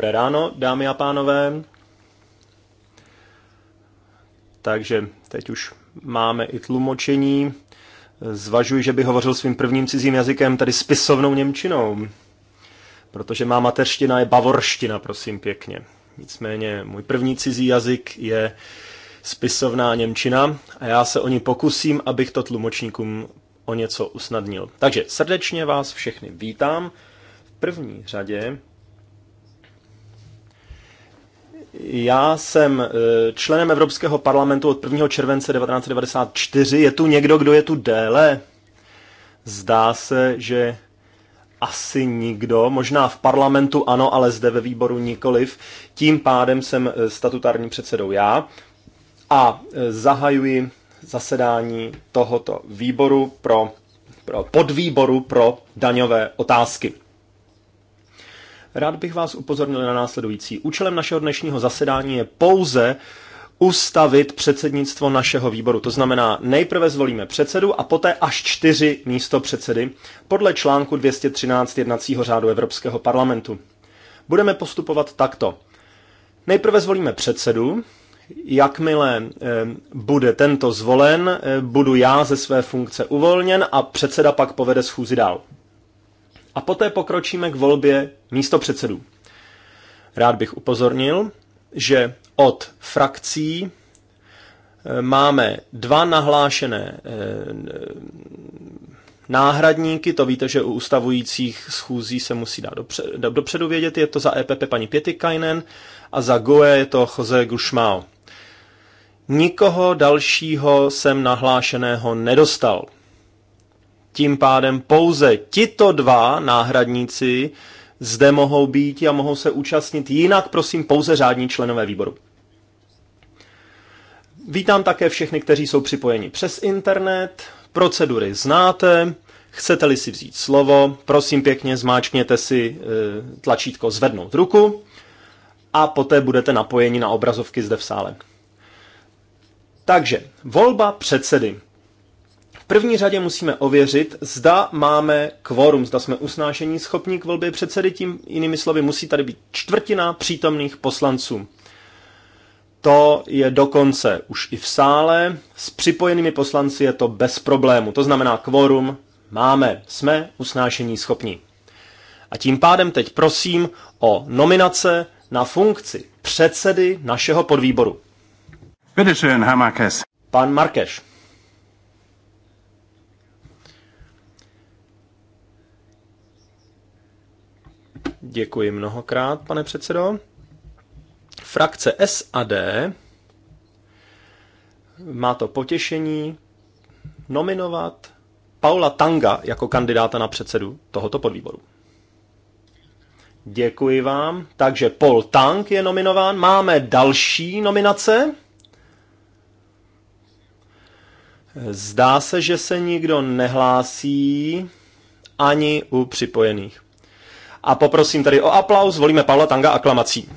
Dobré ráno, dámy a pánové. Takže teď už máme i tlumočení. Zvažuji, že bych hovořil svým prvním cizím jazykem, tady spisovnou Němčinou. Protože má mateřština je bavorština, prosím pěkně. Nicméně můj první cizí jazyk je spisovná Němčina a já se o ní pokusím, abych to tlumočníkům o něco usnadnil. Takže srdečně vás všechny vítám. V první řadě Já jsem eh, členem Evropského parlamentu od 1. července 1994. Je tu někdo, kdo je tu déle? Zdá se, že asi nikdo, možná v parlamentu ano, ale zde ve výboru nikoliv. Tím pádem jsem eh, statutárním předsedou já a eh, zahajuji zasedání tohoto výboru pro, pro podvýboru pro daňové otázky. Rád bych vás upozornil na následující. Účelem našeho dnešního zasedání je pouze ustavit předsednictvo našeho výboru. To znamená, nejprve zvolíme předsedu a poté až čtyři místo předsedy podle článku 213 jednacího řádu Evropského parlamentu. Budeme postupovat takto. Nejprve zvolíme předsedu, jakmile eh, bude tento zvolen, eh, budu já ze své funkce uvolněn a předseda pak povede schůzi dál a poté pokročíme k volbě místo předsedů. Rád bych upozornil, že od frakcí eh, máme dva nahlášené eh, náhradníky, to víte, že u ustavujících schůzí se musí dát dopředu, dopředu vědět, je to za EPP paní Pětikainen a za GOE je to Jose Gušmao. Nikoho dalšího jsem nahlášeného nedostal. Tím pádem pouze tito dva náhradníci zde mohou být a mohou se účastnit jinak, prosím, pouze řádní členové výboru. Vítám také všechny, kteří jsou připojeni přes internet. Procedury znáte. Chcete-li si vzít slovo, prosím pěkně zmáčkněte si e, tlačítko zvednout ruku a poté budete napojeni na obrazovky zde v sále. Takže volba předsedy první řadě musíme ověřit, zda máme kvorum, zda jsme usnášení schopní k volbě předsedy, tím jinými slovy musí tady být čtvrtina přítomných poslanců. To je dokonce už i v sále, s připojenými poslanci je to bez problému, to znamená kvorum máme, jsme usnášení schopní. A tím pádem teď prosím o nominace na funkci předsedy našeho podvýboru. Pan Markeš. Děkuji mnohokrát, pane předsedo. Frakce SAD má to potěšení nominovat Paula Tanga jako kandidáta na předsedu tohoto podvýboru. Děkuji vám. Takže Paul Tang je nominován. Máme další nominace. Zdá se, že se nikdo nehlásí ani u připojených. A poprosím tedy o aplaus, volíme Pavla Tanga aklamací.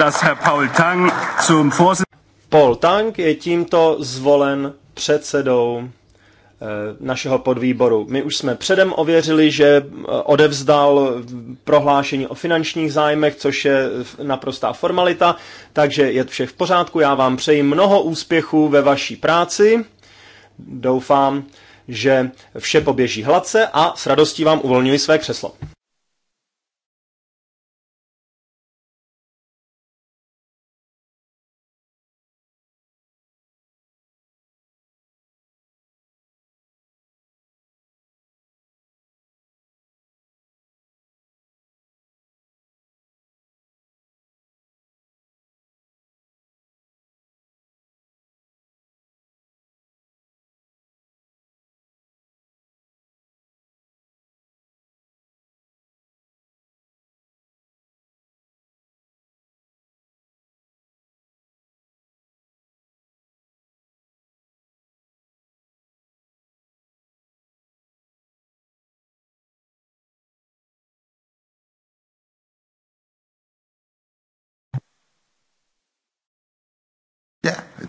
Das Herr Paul Tang zum Paul Tang je tímto zvolen předsedou eh, našeho podvýboru. My už jsme předem ověřili, že eh, odevzdal prohlášení o finančních zájmech, což je eh, naprostá formalita, takže je vše v pořádku. Já vám přeji mnoho úspěchů ve vaší práci Doufám, že vše poběží hladce a s radostí vám uvolňuji své křeslo.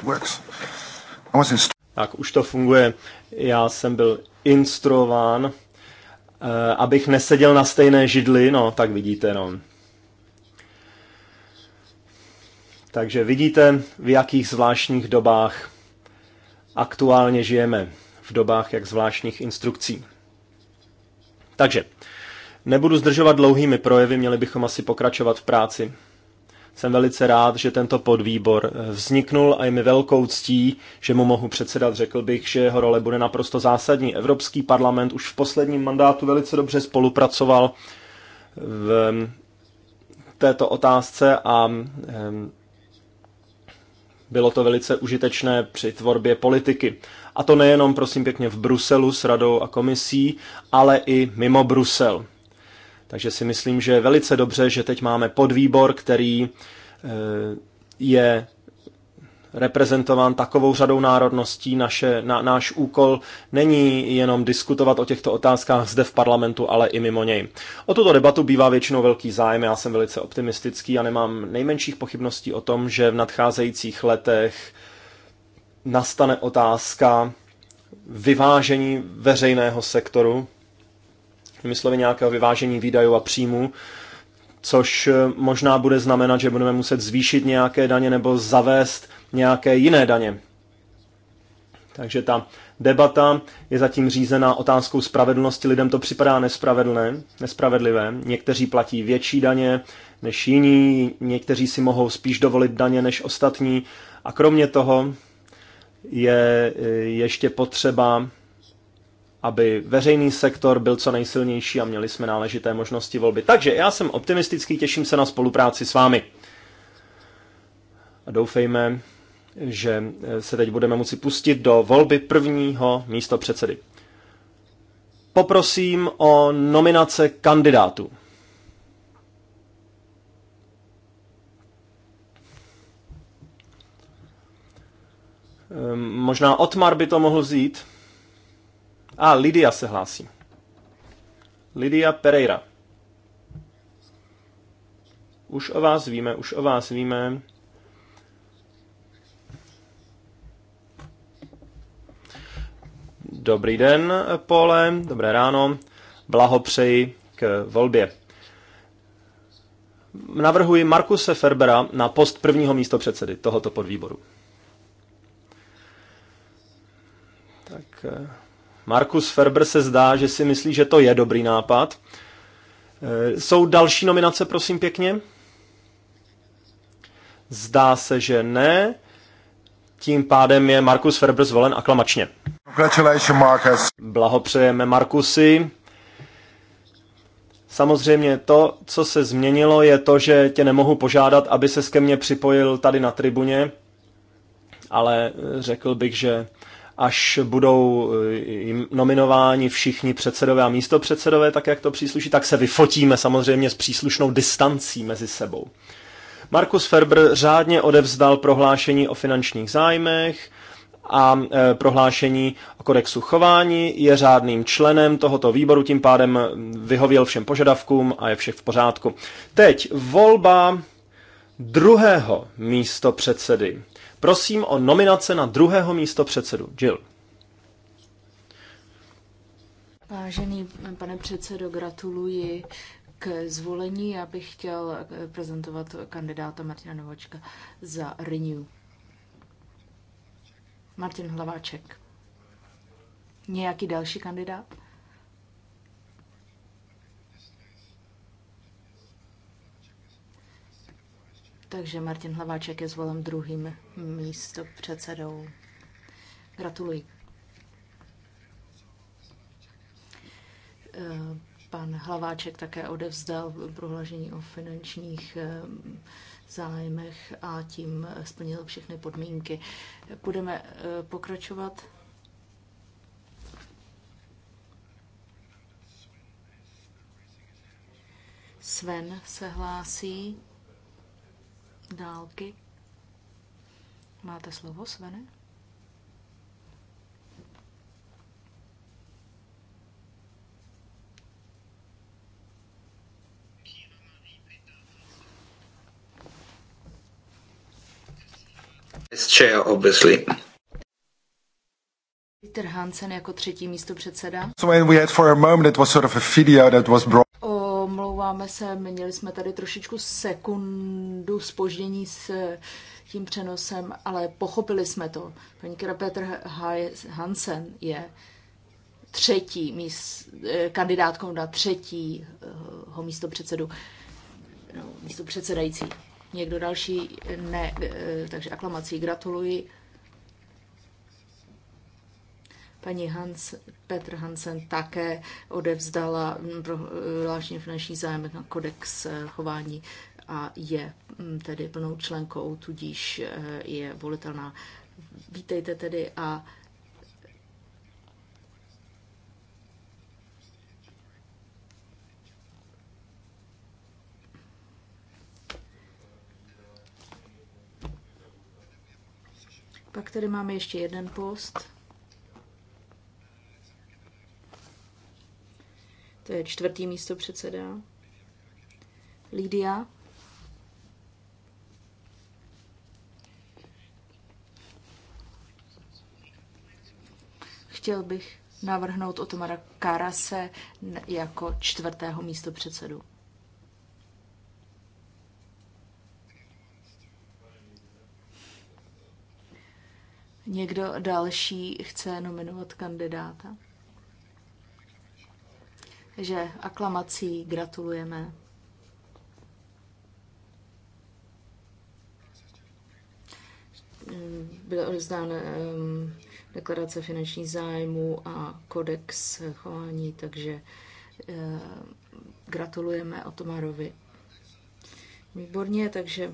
works. I was tak už to funguje. Já jsem byl instruován, uh, abych neseděl na stejné židli, no tak vidíte, no. Takže vidíte, v jakých zvláštních dobách aktuálně žijeme. V dobách jak zvláštních instrukcí. Takže, nebudu zdržovat dlouhými projevy, měli bychom asi pokračovat v práci. Jsem velice rád, že tento podvýbor eh, vzniknul a je mi velkou ctí, že mu mohu předsedat. Řekl bych, že jeho role bude naprosto zásadní. Evropský parlament už v posledním mandátu velice dobře spolupracoval eh, v mm, této otázce a mm, bylo to velice užitečné při tvorbě politiky. A to nejenom, prosím pěkně, v Bruselu s radou a komisí, ale i mimo Brusel. Takže si myslím, že je velice dobře, že teď máme podvýbor, který eh, je reprezentován takovou řadou národností. Naše, na, náš úkol není jenom diskutovat o těchto otázkách zde v parlamentu, ale i mimo něj. O tuto debatu bývá většinou velký zájem, já jsem velice optimistický a nemám nejmenších pochybností o tom, že v nadcházejících letech nastane otázka vyvážení veřejného sektoru vymysleli nějaké nějakého vyvážení výdajů a příjmů, což eh, možná bude znamenat, že budeme muset zvýšit nějaké daně nebo zavést nějaké jiné daně. Takže ta debata je zatím řízená otázkou spravedlnosti. Lidem to připadá nespravedlné, nespravedlivé. Někteří platí větší daně než jiní, někteří si mohou spíš dovolit daně než ostatní. A kromě toho je eh, ještě potřeba aby veřejný sektor byl co nejsilnější a měli jsme náležité možnosti volby. Takže já jsem optimistický, těším se na spolupráci s vámi. A doufejme, že eh, se teď budeme moci pustit do volby prvního místo předsedy. Poprosím o nominace kandidátů. Ehm, možná Otmar by to mohl vzít. A, Lidia se hlásí. Lidia Pereira. Už o vás víme, už o vás víme. Dobrý den, Pole, dobré ráno, blahopřeji k volbě. Navrhuji Markuse Ferbera na post prvního místo předsedy tohoto podvýboru. Tak eh, Markus Ferber se zdá, že si myslí, že to je dobrý nápad. E, jsou další nominace, prosím pěkně? Zdá se, že ne. Tím pádem je Markus Ferber zvolen aklamačně. Marcus. Blahopřejeme Markusy. Samozřejmě to, co se změnilo, je to, že tě nemohu požádat, aby ses ke mně připojil tady na tribuně, ale řekl bych, že až budou eh, nominováni všichni předsedové a místopředsedové, tak jak to přísluší, tak se vyfotíme samozřejmě s příslušnou distancí mezi sebou. Markus Ferber řádně odevzdal prohlášení o finančních zájmech a eh, prohlášení o kodexu chování, je řádným členem tohoto výboru, tím pádem vyhověl všem požadavkům a je všech v pořádku. Teď volba druhého místo předsedy. Prosím o nominace na druhého místo předsedu. Jill. Vážený pane předsedo, gratuluji k zvolení. Já bych chtěl eh, prezentovat kandidáta Martina Novočka za Renew. Martin Hlaváček. Nějaký další kandidát? Takže Martin Hlaváček je zvolen druhým místo předsedou. Gratuluji. Eh, pan Hlaváček také odevzdal prohlášení o finančních eh, zájmech a tím splnil všechny podmínky. Budeme eh, pokračovat. Sven se hlásí dálky. Máte slovo, Svene? obviously. Peter Hansen jako třetí místo předseda. So when we had for a moment it was sort of a video that was brought omlouváme se, měli jsme tady trošičku sekundu spoždění s eh, tím přenosem, ale pochopili jsme to. Paní Petr Hansen je třetí míst, eh, kandidátkou na třetího eh, místo předsedu, no, místo předsedající. Někdo další ne, takže aklamací gratuluji. Paní Hans, Petr Hansen také odevzdala eh, vláštní finanční zájem na kodex eh, chování a je mm, tedy plnou členkou, tudíž eh, je volitelná. Vítejte tedy a Pak tady máme ještě jeden post. to je čtvrtý místo předseda. Lídia. Chtěl bych navrhnout Otomara Karase jako čtvrtého místo předsedu. Někdo další chce nominovat kandidáta? že aklamací gratulujeme. Byla odevzdána um, deklarace finančních zájmů a kodex chování, takže uh, gratulujeme Otomarovi. Výborně, takže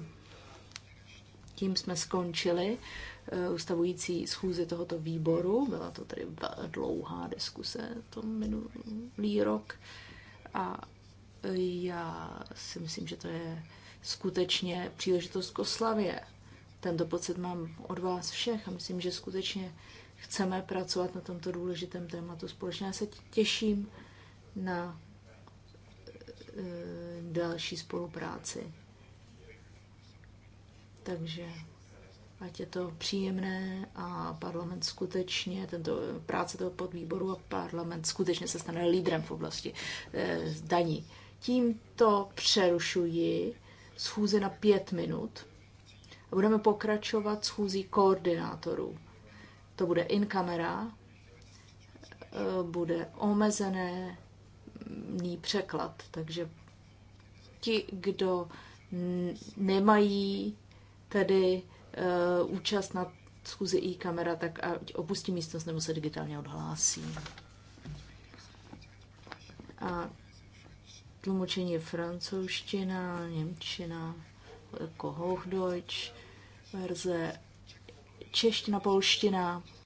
tím jsme skončili. Eh, ustavující schůze tohoto výboru. Byla to tedy dlouhá diskuse to minulý rok a eh, já si myslím, že to je skutečně příležitost k oslavě. Tento pocit mám od vás všech a myslím, že skutečně chceme pracovat na tomto důležitém tématu společně. Já se těším na eh, další spolupráci. Takže ať je to příjemné a parlament skutečně, tento práce toho podvýboru a parlament skutečně se stane lídrem v oblasti eh, daní. Tímto přerušuji schůzi na pět minut a budeme pokračovat schůzí koordinátorů. To bude in kamera, eh, bude omezený překlad, takže ti, kdo nemají tedy Eh, účast na schůzi i kamera, tak ať opustí místnost nebo se digitálně odhlásí. A tlumočení je francouzština, němčina, jako Hochdeutsch verze, čeština, polština,